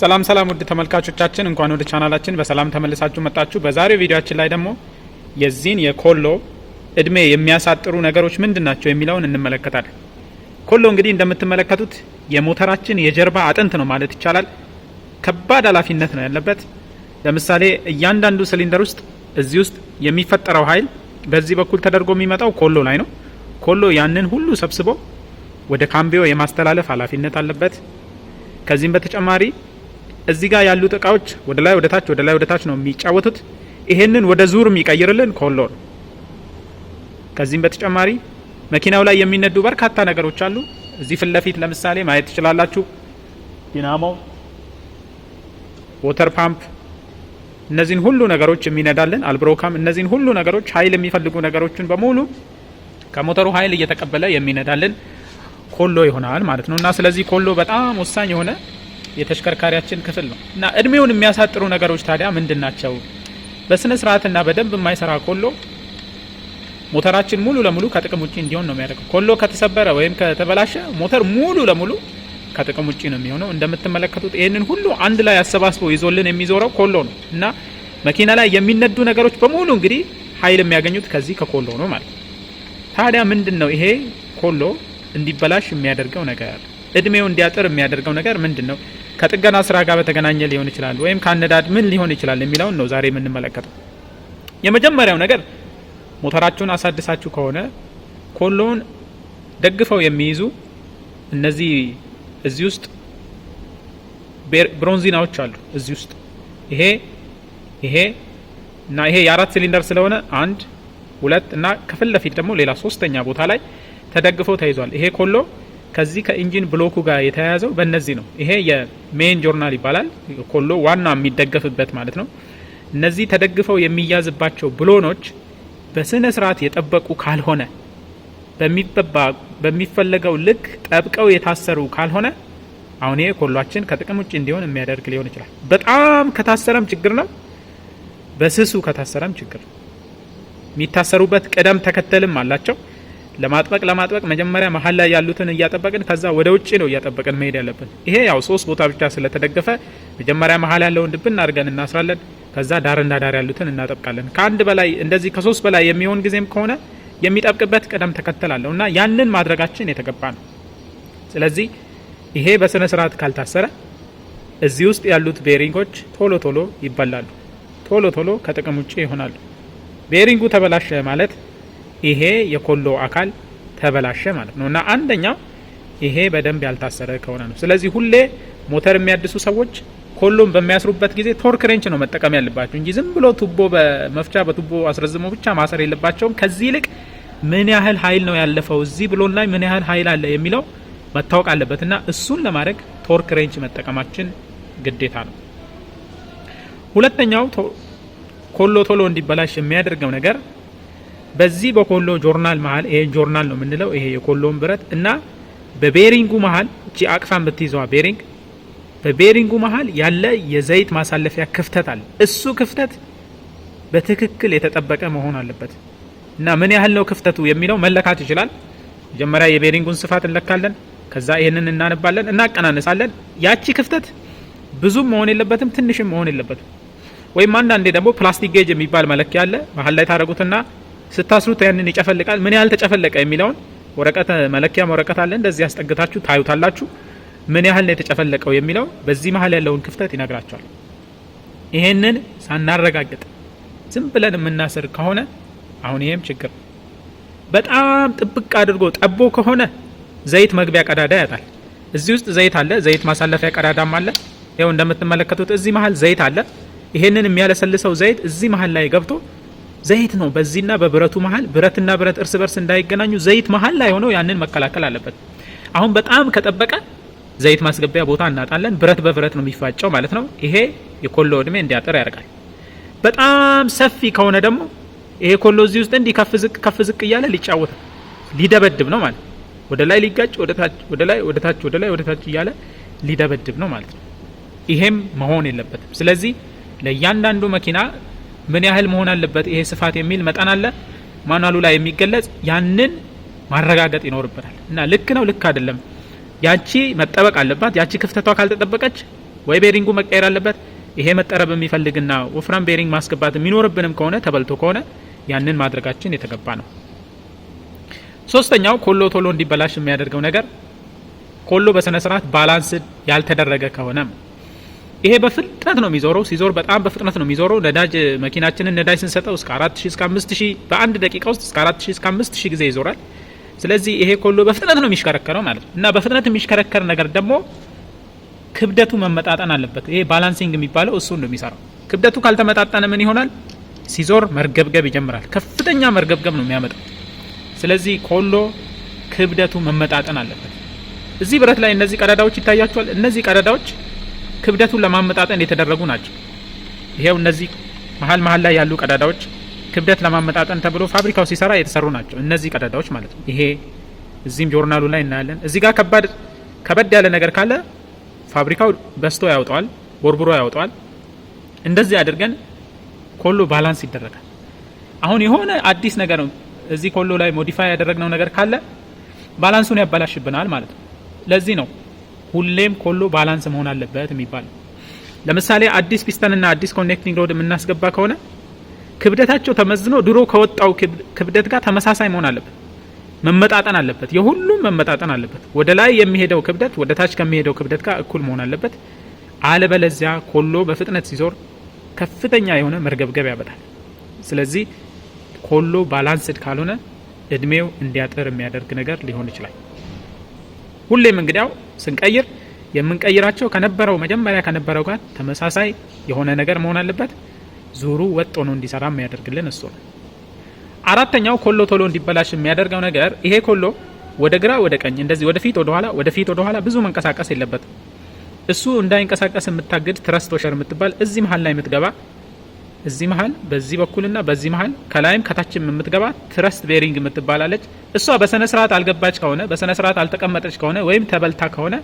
ሰላም ሰላም ውድ ተመልካቾቻችን እንኳን ወደ ቻናላችን በሰላም ተመልሳችሁ መጣችሁ። በዛሬው ቪዲዮአችን ላይ ደግሞ የዚህን የኮሎ እድሜ የሚያሳጥሩ ነገሮች ምንድን ናቸው የሚለውን እንመለከታለን። ኮሎ እንግዲህ እንደምትመለከቱት የሞተራችን የጀርባ አጥንት ነው ማለት ይቻላል። ከባድ ኃላፊነት ነው ያለበት። ለምሳሌ እያንዳንዱ ሲሊንደር ውስጥ እዚህ ውስጥ የሚፈጠረው ኃይል በዚህ በኩል ተደርጎ የሚመጣው ኮሎ ላይ ነው። ኮሎ ያንን ሁሉ ሰብስቦ ወደ ካምቢዮ የማስተላለፍ ኃላፊነት አለበት። ከዚህም በተጨማሪ እዚህ ጋር ያሉት እቃዎች ወደ ላይ ወደ ታች ወደ ላይ ወደ ታች ነው የሚጫወቱት። ይሄንን ወደ ዙር የሚቀይርልን ኮሎ ነው። ከዚህም በተጨማሪ መኪናው ላይ የሚነዱ በርካታ ነገሮች አሉ። እዚህ ፊት ለፊት ለምሳሌ ማየት ትችላላችሁ። ዲናሞ፣ ወተር ፓምፕ፣ እነዚህን ሁሉ ነገሮች የሚነዳልን አልብሮካም። እነዚህን ሁሉ ነገሮች ኃይል የሚፈልጉ ነገሮችን በሙሉ ከሞተሩ ኃይል እየተቀበለ የሚነዳልን ኮሎ ይሆናል ማለት ነው እና ስለዚህ ኮሎ በጣም ወሳኝ የሆነ የተሽከርካሪያችን ክፍል ነው እና እድሜውን የሚያሳጥሩ ነገሮች ታዲያ ምንድን ናቸው? በስነ ስርዓትና በደንብ የማይሰራ ኮሎ ሞተራችን ሙሉ ለሙሉ ከጥቅም ውጭ እንዲሆን ነው የሚያደርገው። ኮሎ ከተሰበረ ወይም ከተበላሸ ሞተር ሙሉ ለሙሉ ከጥቅም ውጭ ነው የሚሆነው። እንደምትመለከቱት ይህንን ሁሉ አንድ ላይ አሰባስቦ ይዞልን የሚዞረው ኮሎ ነው እና መኪና ላይ የሚነዱ ነገሮች በሙሉ እንግዲህ ኃይል የሚያገኙት ከዚህ ከኮሎ ነው ማለት ነው። ታዲያ ምንድን ነው ይሄ ኮሎ እንዲበላሽ የሚያደርገው ነገር፣ እድሜው እንዲያጥር የሚያደርገው ነገር ምንድን ነው? ከጥገና ስራ ጋር በተገናኘ ሊሆን ይችላል ወይም ከአነዳድ ምን ሊሆን ይችላል የሚለውን ነው ዛሬ የምንመለከተው። የመጀመሪያው ነገር ሞተራችሁን አሳድሳችሁ ከሆነ ኮሎን ደግፈው የሚይዙ እነዚህ እዚህ ውስጥ ብሮንዚናዎች አሉ። እዚህ ውስጥ ይሄ ይሄ እና ይሄ የአራት ሲሊንደር ስለሆነ አንድ ሁለት እና ከፊት ለፊት ደግሞ ሌላ ሶስተኛ ቦታ ላይ ተደግፈው ተይዟል። ይሄ ኮሎ ከዚህ ከኢንጂን ብሎኩ ጋር የተያያዘው በእነዚህ ነው። ይሄ የሜን ጆርናል ይባላል። ኮሎ ዋና የሚደገፍበት ማለት ነው። እነዚህ ተደግፈው የሚያዝባቸው ብሎኖች በስነ ስርዓት የጠበቁ ካልሆነ በሚጠባ በሚፈለገው ልክ ጠብቀው የታሰሩ ካልሆነ አሁን ይሄ ኮሏችን ከጥቅም ውጭ እንዲሆን የሚያደርግ ሊሆን ይችላል። በጣም ከታሰረም ችግር ነው። በስሱ ከታሰረም ችግር ነው። የሚታሰሩበት ቅደም ተከተልም አላቸው። ለማጥበቅ ለማጥበቅ መጀመሪያ መሀል ላይ ያሉትን እያጠበቅን ከዛ ወደ ውጭ ነው እያጠበቅን መሄድ ያለብን። ይሄ ያው ሶስት ቦታ ብቻ ስለተደገፈ መጀመሪያ መሀል ያለውን ድብን አድርገን እናስራለን። ከዛ ዳር እና ዳር ያሉትን እናጠብቃለን። ከአንድ በላይ እንደዚህ ከሶስት በላይ የሚሆን ጊዜም ከሆነ የሚጠብቅበት ቅደም ተከተል አለው እና ያንን ማድረጋችን የተገባ ነው። ስለዚህ ይሄ በስነ ስርዓት ካልታሰረ እዚህ ውስጥ ያሉት ቤሪንጎች ቶሎ ቶሎ ይበላሉ፣ ቶሎ ቶሎ ከጥቅም ውጭ ይሆናሉ። ቤሪንጉ ተበላሸ ማለት ይሄ የኮሎ አካል ተበላሸ ማለት ነው እና አንደኛው ይሄ በደንብ ያልታሰረ ከሆነ ነው። ስለዚህ ሁሌ ሞተር የሚያድሱ ሰዎች ኮሎን በሚያስሩበት ጊዜ ቶርክ ሬንች ነው መጠቀም ያለባቸው እንጂ ዝም ብሎ ቱቦ በመፍቻ በቱቦ አስረዝሞ ብቻ ማሰር የለባቸውም። ከዚህ ይልቅ ምን ያህል ኃይል ነው ያለፈው እዚህ ብሎን ላይ ምን ያህል ኃይል አለ የሚለው መታወቅ አለበት እና እሱን ለማድረግ ቶርክ ሬንች መጠቀማችን ግዴታ ነው። ሁለተኛው ኮሎ ቶሎ እንዲበላሽ የሚያደርገው ነገር በዚህ በኮሎ ጆርናል መሀል ይሄ ጆርናል ነው የምንለው ይሄ የኮሎን ብረት እና በቤሪንጉ መሀል እቺ አቅፋ የምትይዘዋ ቤሪንግ በቤሪንጉ መሀል ያለ የዘይት ማሳለፊያ ክፍተት አለ። እሱ ክፍተት በትክክል የተጠበቀ መሆን አለበት እና ምን ያህል ነው ክፍተቱ የሚለው መለካት ይችላል። መጀመሪያ የቤሪንጉን ስፋት እንለካለን። ከዛ ይህንን እናነባለን፣ እናቀናነሳለን። ያቺ ክፍተት ብዙም መሆን የለበትም፣ ትንሽም መሆን የለበትም። ወይም አንዳንዴ ደግሞ ፕላስቲክ ጌጅ የሚባል መለኪያ አለ። መሀል ላይ ታደረጉትና ስታስሩት ያንን ይጨፈልቃል። ምን ያህል ተጨፈለቀ የሚለውን ወረቀት መለኪያም ወረቀት አለ። እንደዚህ ያስጠግታችሁ ታዩታላችሁ። ምን ያህል ነው የተጨፈለቀው የሚለው በዚህ መሀል ያለውን ክፍተት ይነግራቸዋል። ይሄንን ሳናረጋግጥ ዝም ብለን የምናስር ከሆነ አሁን ይሄም ችግር በጣም ጥብቅ አድርጎ ጠቦ ከሆነ ዘይት መግቢያ ቀዳዳ ያጣል። እዚህ ውስጥ ዘይት አለ፣ ዘይት ማሳለፊያ ቀዳዳም አለ። ይኸው እንደምትመለከቱት እዚህ መሀል ዘይት አለ። ይሄንን የሚያለሰልሰው ዘይት እዚህ መሀል ላይ ገብቶ ዘይት ነው በዚህና በብረቱ መሀል፣ ብረትና ብረት እርስ በርስ እንዳይገናኙ ዘይት መሀል ላይ ሆነው ያንን መከላከል አለበት። አሁን በጣም ከጠበቀ ዘይት ማስገቢያ ቦታ እናጣለን። ብረት በብረት ነው የሚፋጨው ማለት ነው። ይሄ የኮሎ እድሜ እንዲያጠር ያደርጋል። በጣም ሰፊ ከሆነ ደግሞ ይሄ ኮሎ እዚህ ውስጥ እንዲህ ከፍ ዝቅ ከፍ ዝቅ እያለ ሊጫወት ሊደበድብ ነው ማለት ነው። ወደ ላይ ሊጋጭ ወደ ላይ ወደ ታች ወደ ላይ ወደ ታች እያለ ሊደበድብ ነው ማለት ነው። ይሄም መሆን የለበትም። ስለዚህ ለእያንዳንዱ መኪና ምን ያህል መሆን አለበት ይሄ ስፋት የሚል መጠን አለ ማኗሉ ላይ የሚገለጽ ያንን ማረጋገጥ ይኖርብናል። እና ልክ ነው ልክ አይደለም ያቺ መጠበቅ አለባት። ያቺ ክፍተቷ ካልተጠበቀች ወይ ቤሪንጉ መቀየር አለበት። ይሄ መጠረብ የሚፈልግና ወፍራም ቤሪንግ ማስገባት የሚኖርብንም ከሆነ ተበልቶ ከሆነ ያንን ማድረጋችን የተገባ ነው። ሶስተኛው ኮሎ ቶሎ እንዲበላሽ የሚያደርገው ነገር ኮሎ በስነ ስርዓት ባላንስ ያልተደረገ ከሆነ ይሄ በፍጥነት ነው የሚዞረው። ሲዞር በጣም በፍጥነት ነው የሚዞረው። ነዳጅ መኪናችንን ነዳጅ ስንሰጠው እስከ 4000 እስከ 5000 በአንድ ደቂቃ ውስጥ እስከ 4000 እስከ 5000 ጊዜ ይዞራል። ስለዚህ ይሄ ኮሎ በፍጥነት ነው የሚሽከረከረው ማለት ነው። እና በፍጥነት የሚሽከረከር ነገር ደግሞ ክብደቱ መመጣጠን አለበት። ይሄ ባላንሲንግ የሚባለው እሱ ነው የሚሰራው። ክብደቱ ካልተመጣጠነ ምን ይሆናል? ሲዞር መርገብገብ ይጀምራል። ከፍተኛ መርገብገብ ነው የሚያመጣው። ስለዚህ ኮሎ ክብደቱ መመጣጠን አለበት። እዚህ ብረት ላይ እነዚህ ቀዳዳዎች ይታያቸዋል። እነዚህ ቀዳዳዎች ክብደቱን ለማመጣጠን የተደረጉ ናቸው። ይሄው እነዚህ መሀል መሀል ላይ ያሉ ቀዳዳዎች ክብደት ለማመጣጠን ተብሎ ፋብሪካው ሲሰራ የተሰሩ ናቸው። እነዚህ ቀዳዳዎች ማለት ነው። ይሄ እዚህም ጆርናሉ ላይ እናያለን። እዚህ ጋር ከባድ ከበድ ያለ ነገር ካለ ፋብሪካው በስቶ ያውጠዋል ቦርቡሮ ያውጠዋል እንደዚህ አድርገን ኮሎ ባላንስ ይደረጋል። አሁን የሆነ አዲስ ነገር ነው እዚህ ኮሎ ላይ ሞዲፋይ ያደረግነው ነገር ካለ ባላንሱን ያበላሽብናል ማለት ነው። ለዚህ ነው ሁሌም ኮሎ ባላንስ መሆን አለበት የሚባል ለምሳሌ አዲስ ፒስተንና አዲስ ኮኔክቲንግ ሮድ የምናስገባ ከሆነ ክብደታቸው ተመዝኖ ድሮ ከወጣው ክብደት ጋር ተመሳሳይ መሆን አለበት፣ መመጣጠን አለበት። የሁሉም መመጣጠን አለበት። ወደ ላይ የሚሄደው ክብደት ወደ ታች ከሚሄደው ክብደት ጋር እኩል መሆን አለበት። አለበለዚያ ኮሎ በፍጥነት ሲዞር ከፍተኛ የሆነ መርገብገብ ያበጣል። ስለዚህ ኮሎ ባላንስድ ካልሆነ እድሜው እንዲያጥር የሚያደርግ ነገር ሊሆን ይችላል። ሁሌም እንግዲያው ስንቀይር የምንቀይራቸው ከነበረው መጀመሪያ ከነበረው ጋር ተመሳሳይ የሆነ ነገር መሆን አለበት። ዙሩ ወጥ ሆኖ እንዲሰራ የሚያደርግልን እሱ ነው። አራተኛው ኮሎ ቶሎ እንዲበላሽ የሚያደርገው ነገር ይሄ ኮሎ ወደ ግራ ወደ ቀኝ እንደዚህ ወደፊት ወደኋላ ወደፊት ወደኋላ ብዙ መንቀሳቀስ የለበትም። እሱ እንዳይንቀሳቀስ የምታግድ ትረስት ወሸር የምትባል እዚህ መሀል ላይ የምትገባ እዚህ መሀል በዚህ በኩልና በዚህ መሀል ከላይም ከታችም የምትገባ ትረስት ቤሪንግ የምትባላለች። እሷ በስነ ስርዓት አልገባች ከሆነ በስነ ስርዓት አልተቀመጠች ከሆነ ወይም ተበልታ ከሆነ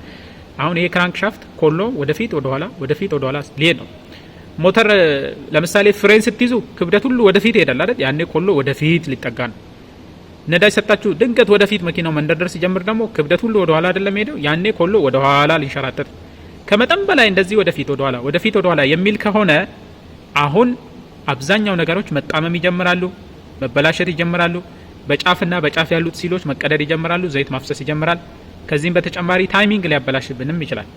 አሁን ይሄ ሻፍት ኮሎ ወደፊት ወደኋላ ወደፊት ወደኋላ ሊሄድ ነው። ሞተር ለምሳሌ ፍሬን ስትይዙ ክብደት ሁሉ ወደፊት ይሄዳል አይደል? ያኔ ኮሎ ወደፊት ሊጠጋ ነው። ነዳጅ ሰጣችሁ ድንገት ወደፊት መኪናው መንደርደር ሲጀምር ደግሞ ክብደት ሁሉ ወደኋላ አይደለም ሄደው ያኔ ኮሎ ወደኋላ ሊንሸራተት ከመጠን በላይ እንደዚህ ወደፊት ወደኋላ ወደፊት ወደኋላ የሚል ከሆነ አሁን አብዛኛው ነገሮች መጣመም ይጀምራሉ፣ መበላሸት ይጀምራሉ። በጫፍና በጫፍ ያሉት ሲሎች መቀደድ ይጀምራሉ፣ ዘይት ማፍሰስ ይጀምራል። ከዚህም በተጨማሪ ታይሚንግ ሊያበላሽብንም ይችላል።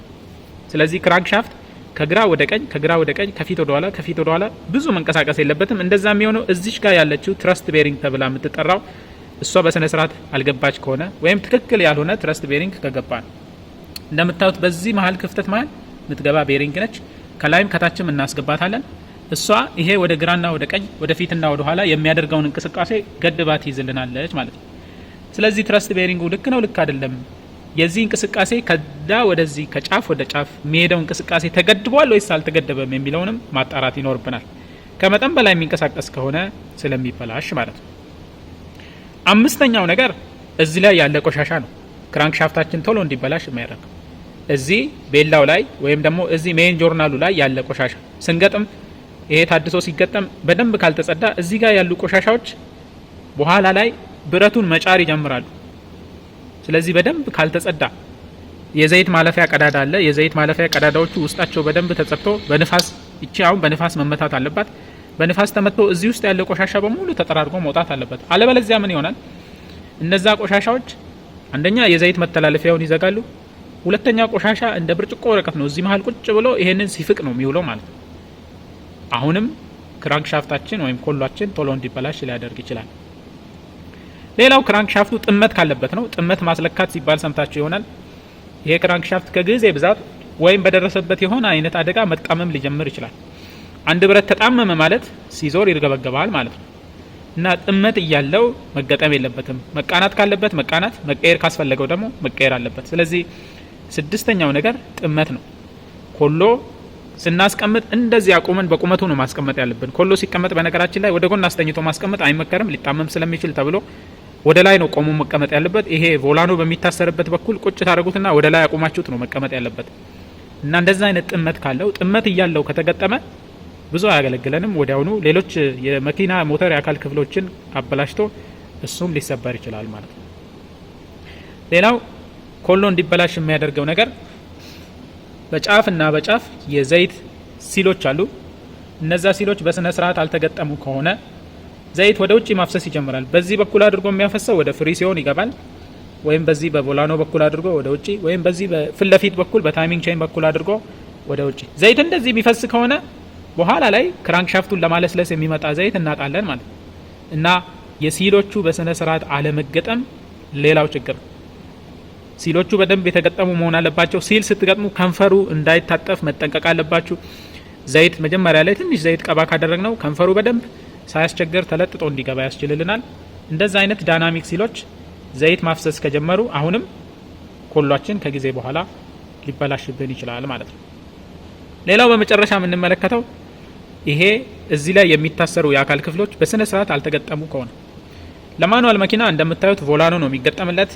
ስለዚህ ክራንክሻፍት ከግራ ወደ ቀኝ፣ ከግራ ወደ ቀኝ፣ ከፊት ወደ ኋላ፣ ከፊት ወደ ኋላ ብዙ መንቀሳቀስ የለበትም። እንደዛ የሚሆነው እዚች ጋር ያለችው ትረስት ቤሪንግ ተብላ የምትጠራው እሷ በስነ ስርዓት አልገባች ከሆነ ወይም ትክክል ያልሆነ ትረስት ቤሪንግ ከገባ ነው። እንደምታዩት በዚህ መሀል ክፍተት መሀል የምትገባ ቤሪንግ ነች። ከላይም ከታችም እናስገባታለን። እሷ ይሄ ወደ ግራና ወደ ቀኝ ወደ ፊትና ወደ ኋላ የሚያደርገውን እንቅስቃሴ ገድባ ትይዝልናለች ማለት ነው። ስለዚህ ትረስት ቤሪንጉ ልክ ነው ልክ አይደለም፣ የዚህ እንቅስቃሴ ከዳ ወደዚህ ከጫፍ ወደ ጫፍ የሚሄደው እንቅስቃሴ ተገድቧል ወይስ አልተገደበም የሚለውንም ማጣራት ይኖርብናል። ከመጠን በላይ የሚንቀሳቀስ ከሆነ ስለሚበላሽ ማለት ነው። አምስተኛው ነገር እዚህ ላይ ያለ ቆሻሻ ነው። ክራንክ ሻፍታችን ቶሎ እንዲበላሽ የሚያደርገው እዚህ ቤላው ላይ ወይም ደግሞ እዚህ ሜን ጆርናሉ ላይ ያለ ቆሻሻ ስንገጥም ይሄ ታድሶ ሲገጠም በደንብ ካልተጸዳ እዚህ ጋር ያሉ ቆሻሻዎች በኋላ ላይ ብረቱን መጫር ይጀምራሉ። ስለዚህ በደንብ ካልተጸዳ የዘይት ማለፊያ ቀዳዳ አለ። የዘይት ማለፊያ ቀዳዳዎቹ ውስጣቸው በደንብ ተጸብቶ በንፋስ እቺ አሁን በንፋስ መመታት አለባት። በንፋስ ተመጥቶ እዚህ ውስጥ ያለ ቆሻሻ በሙሉ ተጠራርጎ መውጣት አለበት። አለበለዚያ ምን ይሆናል? እነዛ ቆሻሻዎች አንደኛ የዘይት መተላለፊያውን ይዘጋሉ። ሁለተኛ ቆሻሻ እንደ ብርጭቆ ወረቀት ነው። እዚህ መሀል ቁጭ ብሎ ይሄንን ሲፍቅ ነው የሚውለው ማለት ነው። አሁንም ክራንክሻፍታችን ወይም ኮሏችን ቶሎ እንዲበላሽ ሊያደርግ ይችላል። ሌላው ክራንክሻፍቱ ጥመት ካለበት ነው። ጥመት ማስለካት ሲባል ሰምታችሁ ይሆናል። ይሄ ክራንክሻፍት ከጊዜ ብዛት ወይም በደረሰበት የሆነ አይነት አደጋ መጣመም ሊጀምር ይችላል። አንድ ብረት ተጣመመ ማለት ሲዞር ይርገበገባል ማለት ነው እና ጥመት እያለው መገጠም የለበትም። መቃናት ካለበት መቃናት፣ መቀየር ካስፈለገው ደግሞ መቀየር አለበት። ስለዚህ ስድስተኛው ነገር ጥመት ነው። ኮሎ ስናስቀምጥ እንደዚህ አቁመን በቁመቱ ነው ማስቀመጥ ያለብን። ኮሎ ሲቀመጥ በነገራችን ላይ ወደ ጎን አስተኝቶ ማስቀመጥ አይመከርም፣ ሊጣመም ስለሚችል ተብሎ ወደ ላይ ነው ቆሞ መቀመጥ ያለበት። ይሄ ቮላኖ በሚታሰርበት በኩል ቁጭ ታደረጉትና ወደ ላይ አቁማችሁት ነው መቀመጥ ያለበት እና እንደዛ አይነት ጥመት ካለው ጥመት እያለው ከተገጠመ ብዙ አያገለግለንም። ወዲያውኑ ሌሎች የመኪና ሞተር የአካል ክፍሎችን አበላሽቶ እሱም ሊሰበር ይችላል ማለት ነው። ሌላው ኮሎ እንዲበላሽ የሚያደርገው ነገር በጫፍ እና በጫፍ የዘይት ሲሎች አሉ። እነዛ ሲሎች በስነ ስርዓት አልተገጠሙ ከሆነ ዘይት ወደ ውጭ ማፍሰስ ይጀምራል። በዚህ በኩል አድርጎ የሚያፈሰው ወደ ፍሪ ሲሆን ይገባል፣ ወይም በዚህ በቦላኖ በኩል አድርጎ ወደ ውጭ፣ ወይም በዚህ በፊት ለፊት በኩል በታይሚንግ ቼን በኩል አድርጎ ወደ ውጭ። ዘይት እንደዚህ የሚፈስ ከሆነ በኋላ ላይ ክራንክሻፍቱን ለማለስለስ የሚመጣ ዘይት እናጣለን ማለት ነው እና የሲሎቹ በስነ ስርዓት አለመገጠም ሌላው ችግር ነው። ሲሎቹ በደንብ የተገጠሙ መሆን አለባቸው። ሲል ስትገጥሙ ከንፈሩ እንዳይታጠፍ መጠንቀቅ አለባችሁ። ዘይት መጀመሪያ ላይ ትንሽ ዘይት ቀባ ካደረግ ነው ከንፈሩ በደንብ ሳያስቸግር ተለጥጦ እንዲገባ ያስችልልናል። እንደዛ አይነት ዳይናሚክ ሲሎች ዘይት ማፍሰስ ከጀመሩ አሁንም ኮሏችን ከጊዜ በኋላ ሊበላሽብን ይችላል ማለት ነው። ሌላው በመጨረሻ የምንመለከተው ይሄ እዚህ ላይ የሚታሰሩ የአካል ክፍሎች በስነ ስርዓት አልተገጠሙ ከሆነ ለማኑዋል መኪና እንደምታዩት ቮላኖ ነው የሚገጠምለት።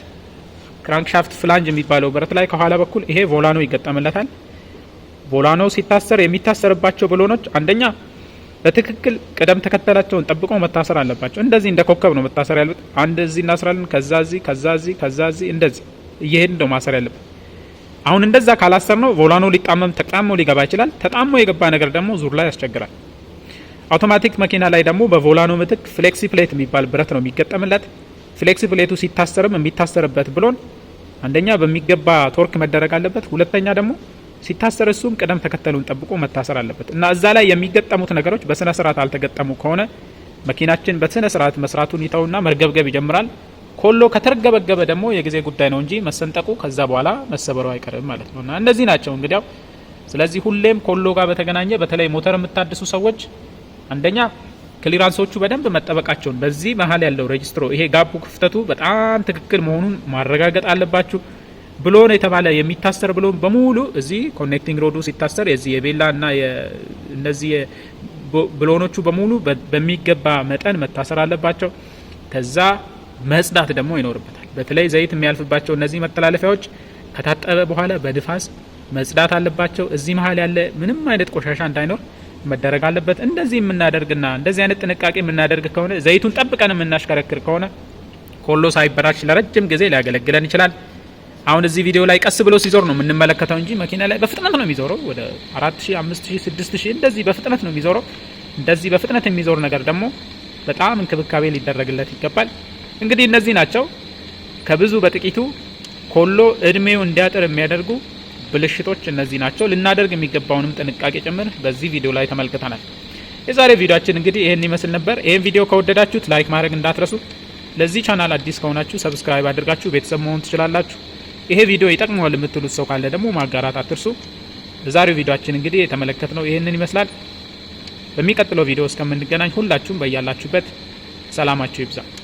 ክራንክሻፍት ፍላንጅ የሚባለው ብረት ላይ ከኋላ በኩል ይሄ ቮላኖ ይገጠምለታል። ቮላኖ ሲታሰር የሚታሰርባቸው ብሎኖች አንደኛ በትክክል ቅደም ተከተላቸውን ጠብቆ መታሰር አለባቸው። እንደዚህ እንደ ኮከብ ነው መታሰር ያለበት። አንድ እዚህ እናስራለን፣ ከዛ ዚህ፣ ከዛ ዚህ፣ ከዛ ዚህ፣ እንደዚህ እየሄድን ነው ማሰር ያለበት። አሁን እንደዛ ካላሰር ነው ቮላኖ ሊጣመም ተጣሞ ሊገባ ይችላል። ተጣሞ የገባ ነገር ደግሞ ዙር ላይ ያስቸግራል። አውቶማቲክ መኪና ላይ ደግሞ በቮላኖ ምትክ ፍሌክሲ ፕሌት የሚባል ብረት ነው የሚገጠምለት። ፍሌክሲ ፕሌቱ ሲታሰርም የሚታሰርበት ብሎን አንደኛ በሚገባ ቶርክ መደረግ አለበት። ሁለተኛ ደግሞ ሲታሰር እሱም ቅደም ተከተሉን ጠብቆ መታሰር አለበት እና እዛ ላይ የሚገጠሙት ነገሮች በስነ ስርዓት አልተገጠሙ ከሆነ መኪናችን በስነ ስርዓት መስራቱን ይተውና መርገብገብ ይጀምራል። ኮሎ ከተርገበገበ ደግሞ የጊዜ ጉዳይ ነው እንጂ መሰንጠቁ ከዛ በኋላ መሰበሩ አይቀርም ማለት ነው እና እነዚህ ናቸው እንግዲያው። ስለዚህ ሁሌም ኮሎ ጋር በተገናኘ በተለይ ሞተር የምታድሱ ሰዎች አንደኛ ክሊራንሶቹ በደንብ መጠበቃቸውን በዚህ መሀል ያለው ሬጅስትሮ ይሄ ጋቡ ክፍተቱ በጣም ትክክል መሆኑን ማረጋገጥ አለባችሁ። ብሎን የተባለ የሚታሰር ብሎን በሙሉ እዚህ ኮኔክቲንግ ሮዱ ሲታሰር የዚህ የቤላ እና እነዚህ ብሎኖቹ በሙሉ በሚገባ መጠን መታሰር አለባቸው። ከዛ መጽዳት ደግሞ ይኖርበታል። በተለይ ዘይት የሚያልፍባቸው እነዚህ መተላለፊያዎች ከታጠበ በኋላ በንፋስ መጽዳት አለባቸው። እዚህ መሀል ያለ ምንም አይነት ቆሻሻ እንዳይኖር መደረግ አለበት። እንደዚህ የምናደርግና እንደዚህ አይነት ጥንቃቄ የምናደርግ ከሆነ ዘይቱን ጠብቀን የምናሽከረክር ከሆነ ኮሎ ሳይበራሽ ለረጅም ጊዜ ሊያገለግለን ይችላል። አሁን እዚህ ቪዲዮ ላይ ቀስ ብሎ ሲዞር ነው የምንመለከተው እንጂ መኪና ላይ በፍጥነት ነው የሚዞረው። ወደ 4000፣ 5000፣ 6000 እንደዚህ በፍጥነት ነው የሚዞረው። እንደዚህ በፍጥነት የሚዞር ነገር ደግሞ በጣም እንክብካቤ ሊደረግለት ይገባል። እንግዲህ እነዚህ ናቸው ከብዙ በጥቂቱ ኮሎ እድሜው እንዲያጥር የሚያደርጉ ብልሽቶች እነዚህ ናቸው። ልናደርግ የሚገባውንም ጥንቃቄ ጭምር በዚህ ቪዲዮ ላይ ተመልክተናል። የዛሬ ቪዲዮችን እንግዲህ ይህን ይመስል ነበር። ይህን ቪዲዮ ከወደዳችሁት ላይክ ማድረግ እንዳትረሱ። ለዚህ ቻናል አዲስ ከሆናችሁ ሰብስክራይብ አድርጋችሁ ቤተሰብ መሆን ትችላላችሁ። ይሄ ቪዲዮ ይጠቅመዋል የምትሉት ሰው ካለ ደግሞ ማጋራት አትርሱ። በዛሬው ቪዲዮችን እንግዲህ የተመለከትነው ይህንን ይመስላል። በሚቀጥለው ቪዲዮ እስከምንገናኝ ሁላችሁም በያላችሁበት ሰላማችሁ ይብዛል።